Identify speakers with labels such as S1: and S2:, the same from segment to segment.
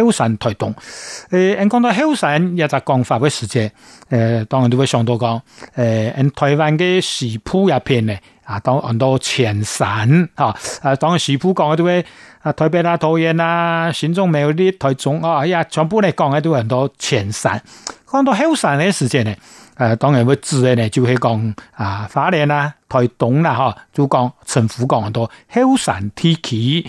S1: 後山台東，誒、嗯，講到後山，又就講發揮時間，誒、呃，當然都會想到講，誒、呃，台灣嘅西部也偏咧，啊，當很多前山，啊、哦，啊，當然西部講嘅都會，啊，台北啦、啊，桃園啦，新竹苗栗台中啊，哎、啊、呀，全部嚟講嘅都很多前山，講到後山嘅時間咧，啊，當然會自然咧，就會講啊，花蓮啦、啊，台東啦、啊，吓，就講政府講好多後山天氣。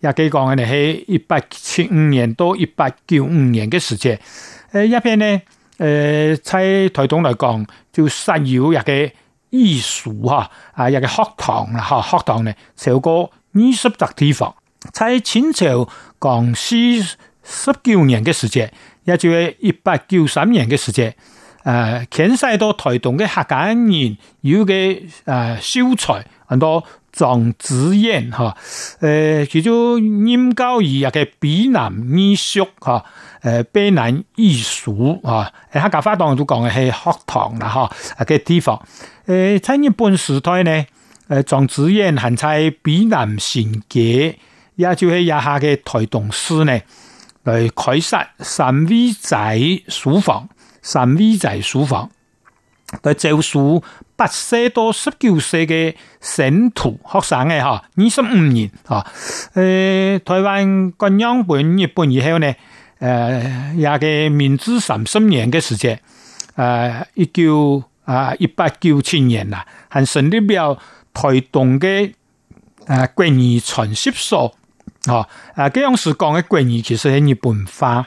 S1: 廿幾講嘅呢？喺一八七五年到一八九五年嘅時間，誒，一邊呢？誒、呃，喺台東來講，就設有一個義塾吓，啊，一個學堂啦吓，學堂呢超過二十個地方。喺清朝光緒十九年嘅時間，也就係一八九三年嘅時間，誒、呃，遷徙到台東嘅客家人有嘅誒，秀、呃、才。很多莊子燕哈，誒，其做任教於也個卑南義塾哈，誒，卑南義塾啊，客家話當中都講是學堂啦哈，啊個地方，誒，在日本時代呢，誒，莊子燕還在卑南新街，也就係一下的台東市呢，來開設三味齋書房，三味齋書房。佢就書，八歲到十九歲嘅神徒學生嘅吓，二十五年吓，誒、呃，台灣觀央本日本以後呢？誒、呃，也嘅明治三十年嘅時間，誒、呃，一九啊一八九七年啦，係、啊、成立廟較台東嘅誒國語傳習所，哦、啊，誒，咁、啊啊、樣時講嘅國語其實係日本話。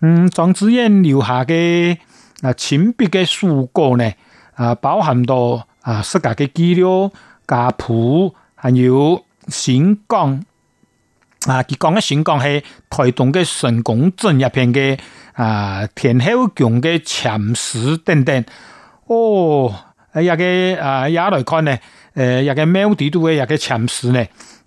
S1: 嗯，莊子燕留下嘅那親筆嘅書稿呢？啊，包含到啊，世界各地資料、家譜，還有新港，啊，佢講嘅新港係台東嘅神岡鎮入邊嘅啊田曉強嘅籤詩等等。哦，一個啊也來看呢，誒、呃，一個貓地圖嘅一個籤詩呢。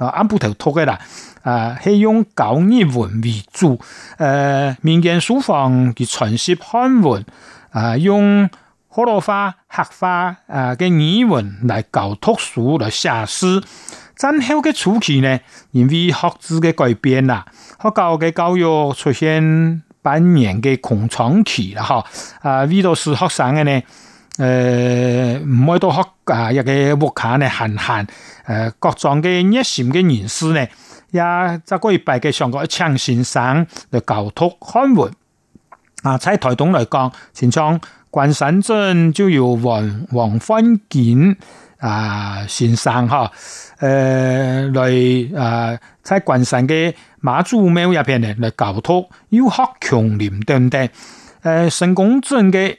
S1: 啊，啱部頭拖嘅啦，啊係用舊語文為主，呃，民間書房佢傳授漢文，啊用好多花黑花啊嘅語文來搞讀書嚟寫詩。戰後嘅初期呢，因為學制嘅改變啦，學校嘅教育出現半年嘅空窗期啦，哈，啊呢度是學生嘅呢。誒、呃，唔愛到學啊！一個屋企咧限限誒，各種嘅熱心嘅人士咧，也就過去拜嘅上個香先生嚟教托漢文。啊，喺台東嚟講，前場關山鎮就有黃黃歡景啊先生哈，誒，嚟啊喺關、呃啊、山嘅馬祖廟入邊嚟嚟教托，幼學瓊林，對唔對？誒、呃，成功鎮嘅。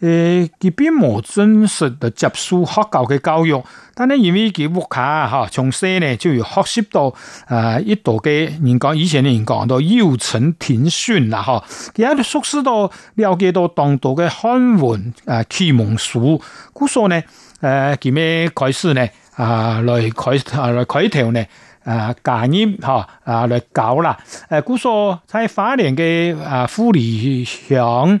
S1: 誒，佢並冇真實嘅接受學校嘅教育，但係因為佢屋企啊，哈，從小呢就有學習到啊，一道嘅，人講以前人講到幼承庭訓啦，哈，佢喺讀書到了解到當度嘅漢文啊啟蒙書，故說呢，誒，佢咩開始呢？啊，來開啊，來開頭呢？啊，教、那、呢、個？哈，啊，來教啦？誒，故說喺花蓮嘅啊，富里鄉。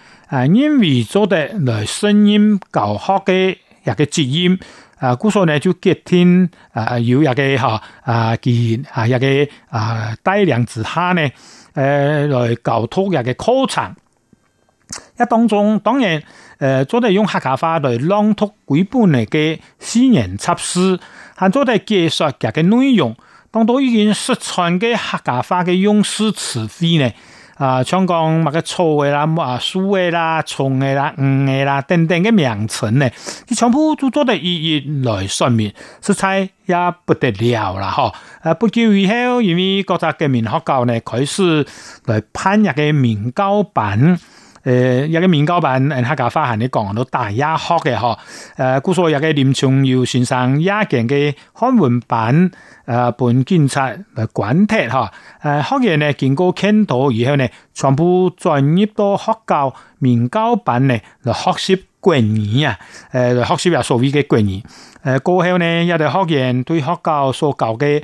S1: 啊，因為做得來聲音教學嘅一個字音、呃呃呃，啊，故說呢就接聽啊，有、啊呃、一個哈啊字音啊一個啊帶量字卡呢，誒來教托一個課程，一當中當然，誒、呃，做得用客家話來朗讀古本嚟個詩人詩詞，還做得介紹嘅內容，當都已經失傳嘅客家話的用詩詞彙呢。啊，唱講物個錯嘅啦，物啊輸嘅啦，從嘅啦，唔、嗯、嘅啦，等等嘅名稱呢，佢全部做多啲粵語來說明，識猜也不得了啦，吼啊，不久以後，因為國家革命學校呢，開始來翻一個民教版。誒、呃，有個民教班，客、嗯、家發行啲講到大一學嘅嗬，誒、呃，據說有個林輕要選上一型嘅看護版誒，本兼差嚟管貼吓，誒、呃，學員咧經過簽妥以後咧，全部轉入到學校民教班咧嚟學習國語啊，誒，學習啊、呃、所謂嘅國語，誒、呃，過後咧一啲學員對學校所教嘅。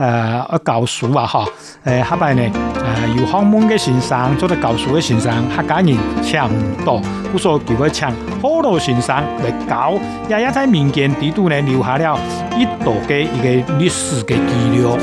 S1: 呃，我教書啊哈，呃，後邊呢，呃，有好多的先生，做咗教書的先生，客家人唱唔多，故說，如果唱好多先生嚟教，也也在民間地土呢留下了一朵的一個歷史的記錄。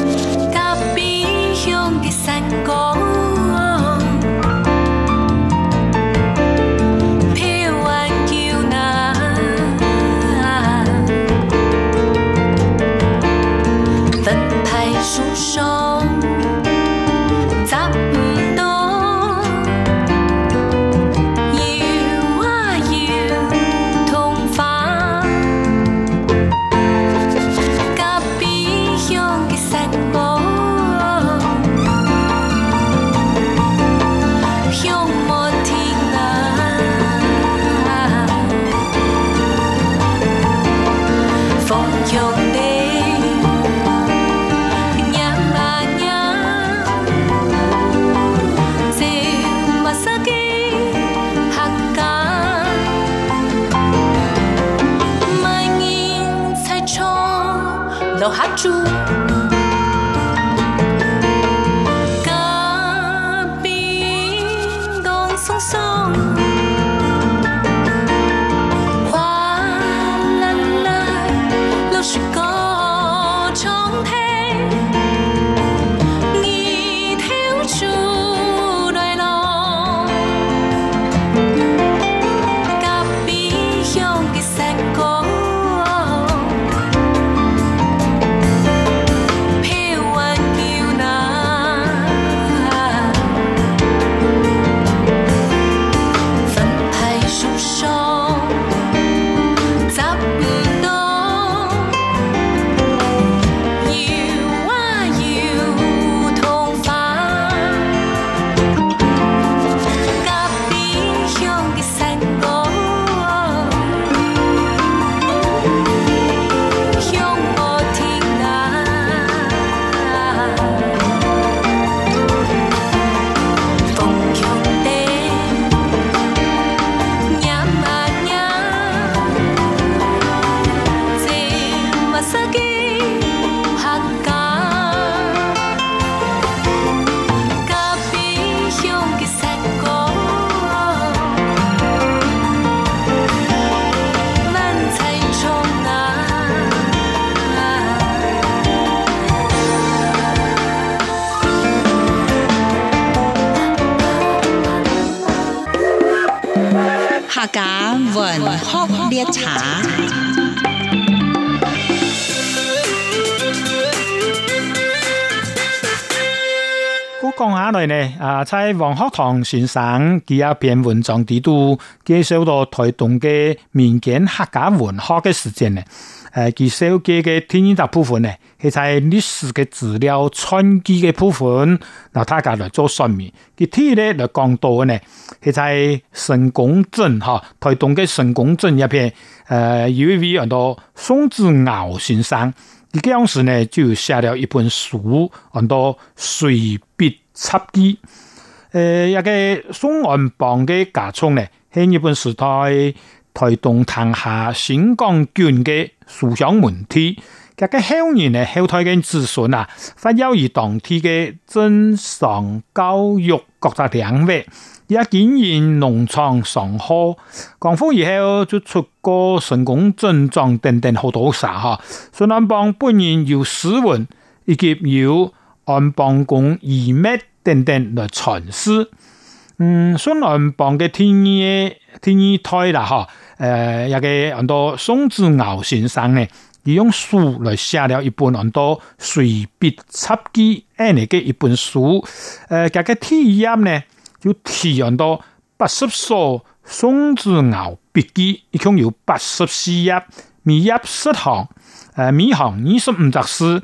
S1: 啊！在黃學堂先生幾一篇文章裏度介紹到台東嘅民間客家文學嘅事件呢？誒、啊，佢寫嘅嘅另一大部分呢，係在歷史嘅資料傳記嘅部分，讓他家來做說明。具體咧，呢講到呢，係在成功鎮哈，台東嘅成功鎮一片誒，有一位很多宋子敖先生，佢、啊、當、呃、時呢就寫了一本書，很多隨筆。插支，誒、呃，一個松安邦嘅家充咧，喺日本時代台東廳下新港郡嘅樹上門天，佢嘅鄉人咧後代嘅子孫啊，發休於當地嘅尊上教育各個領域，也經營農場上好、上河，降風以後就出過成功症狀、尊上等等好多嘢，吓。松安邦本人有詩文，以及有。安邦講二滅等等來傳書，嗯，孫安邦嘅天一天一胎啦，吓，誒，一個好多宋子敖先生咧，佢用書嚟寫了一本，好多隨筆插記，誒嚟嘅一本書，誒，佢嘅天一咧，就填咗到八十首宋子敖筆記，一共有八十四頁，每頁十行，誒，每行二十五字。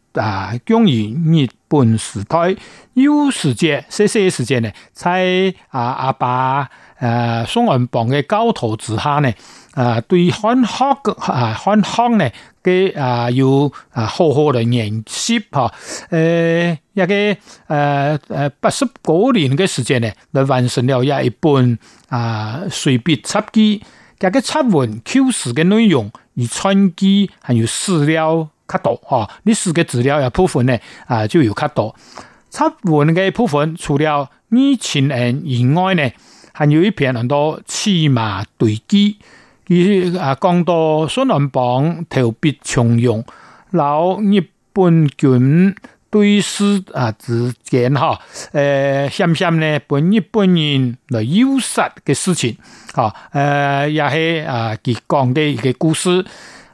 S1: 啊，公元日本時代，有時間，細細時間呢，在啊，阿爸啊，宋文榜嘅教導之下呢，啊對漢學嘅啊漢學呢嘅啊有啊好好嚟研習哈，誒、啊，一個誒誒、啊、八十九年嘅時間呢，嚟完成了一本啊隨筆插記，一個插文舊時嘅內容與傳記，還有史料。卡多哈、哦，你識嘅資料有部分呢，啊就有卡多。七文嘅部分，除了義情人以外呢，還有一篇很多騎馬對擊，佢啊講到孫文榜投筆從戎，老日本軍對視啊之間哈，誒想不想呢，本日本人嚟誘殺嘅事情，哈、哦、誒，也、呃、係啊佢講啲故事。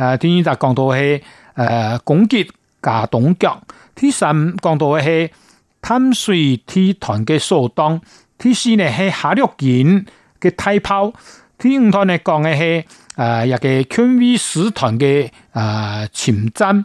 S1: 誒、啊，第二集講到係誒、呃、攻擊架董腳，第三講到係貪水鐵團嘅掃蕩，第四呢係夏六勁嘅大炮，第五套呢講嘅係誒一個權威使團嘅誒前進。呃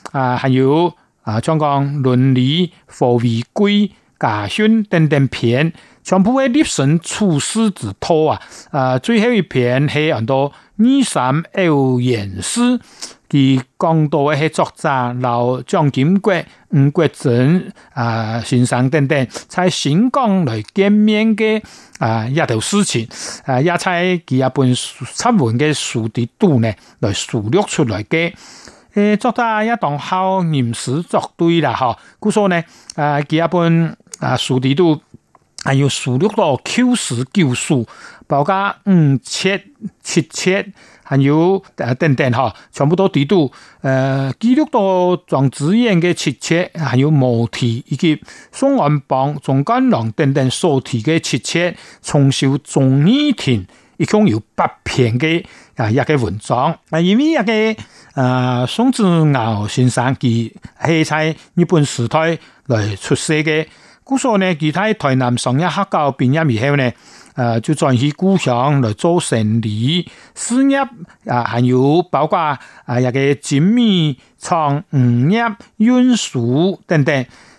S1: 啊，還有啊，講、呃、港倫理、法律規、家訓等等片，全部係立身處世之托啊！啊、呃，最後一篇係很多耳熟能言師，其講到一些作家老將軍國吳國楨啊先生等等，在新疆來見面的啊一啲事情，啊也喺佢啊本參文嘅書度的的呢，來梳理出來的誒、欸，作者也當好吟詩作對啦，吼、就是，據說呢，啊，佢本啊書度都還有梳理到 Q 十九書，包括五、嗯、七、啊點點呃、七七，還有啊，等等，吓，全部都度都記錄到從子然嘅七切，還有摩天以及宋安邦、仲干龍等等所提嘅七切，重修仲尼亭。一共有八篇嘅，啊一個文章，啊因為一個啊宋子敖先生佢係在日本時代來出世嘅，故所呢其他台南商業學校畢業以後呢，啊就轉去故鄉來做生意、事業啊，還有包括啊一個精密創、漁業運輸等等。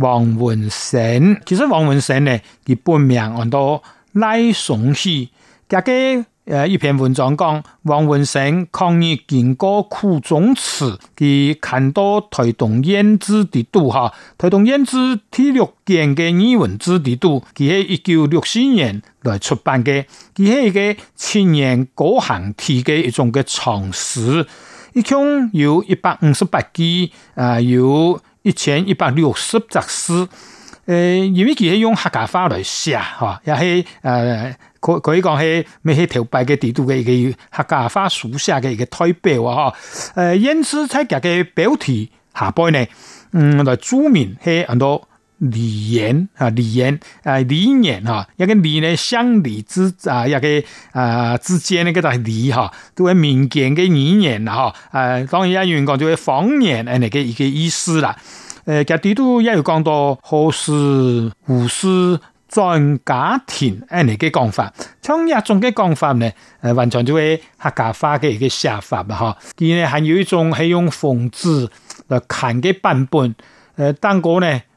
S1: 王文勝，其實王文勝咧，佢本名安到賴崇喜，佢嘅誒一篇文章講王文勝抗議經過苦衷詞，佢看到推動燕子的度，哈，推動燕子體育建嘅語文字的度。佢喺一九六四年來出版嘅，佢係個青年歌行體嘅一種的長詩，一共有一百五十八句，啊、呃、有。一千一百六十則詩，誒，因為佢係用客家話來寫，啊，亦係誒，可、呃、可以講係咩？係條白嘅地圖嘅一個客家話書寫嘅一個代表啊，吓，誒，因此出嚟嘅標題下邊呢，嗯，來注明係很多。語言啊，語言啊，語言啊，一個呢相離之啊，一個啊之，、呃、之間的，個咋語哈，作為民間的語言哈，當、啊、然也有人講做方言，的那個一個意思啦，呃其實都也有講到何氏、胡氏、專家庭，誒，那個講法，從亞中的講法呢呃完全就會客家話的一個寫法啦，哈，佢咧還有一種還用文字嚟看的版本，當、呃、呢。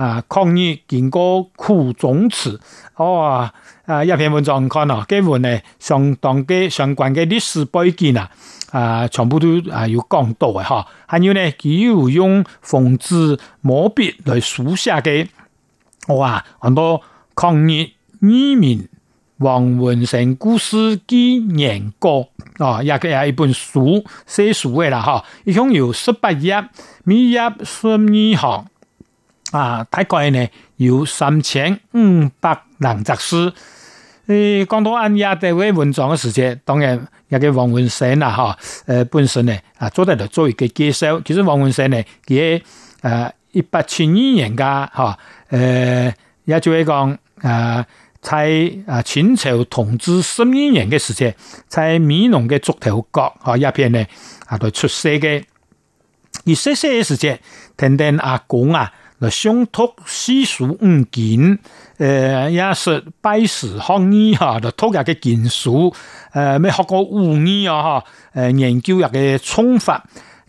S1: 啊，抗日見過苦種子，哦啊，一篇文章看了，跟住呢，相當嘅相關嘅歷史背景啊，啊、呃，全部都有啊有講到嘅哈。還有呢，佢有用馮字毛筆來書寫嘅，我話很多抗日移民王文成故事紀念究，啊、哦，也佢啊，一本書寫書嘅啦，哈，一共有十八頁，每頁十二行。啊，大概呢有三千五百人集師。誒，講到按廿多位文章嘅時間，當然也嘅王文生啦、啊，哈、呃，誒本身呢，啊做得做做一個介紹。其實王文生呢，佢誒一八七五年噶，哈、呃，誒，也、呃、就係講、呃，啊，在啊清朝同治十二年嘅時間，在美濃嘅竹頭角吓一片呢，啊，嚟出世嘅。與細細嘅時間，聽聽阿公啊。就鄉土習俗唔見，呃，也是拜師學藝哈，的，學下個經書，呃，沒學過武藝啊哈，誒，研究下個沖法。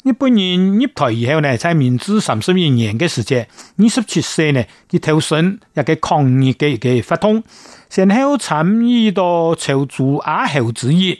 S1: 日本人入台以後呢，在明治三十一年的時節，二十七歲呢，佢投身一個抗日嘅嘅發動，先後參與到朝族阿猴之役。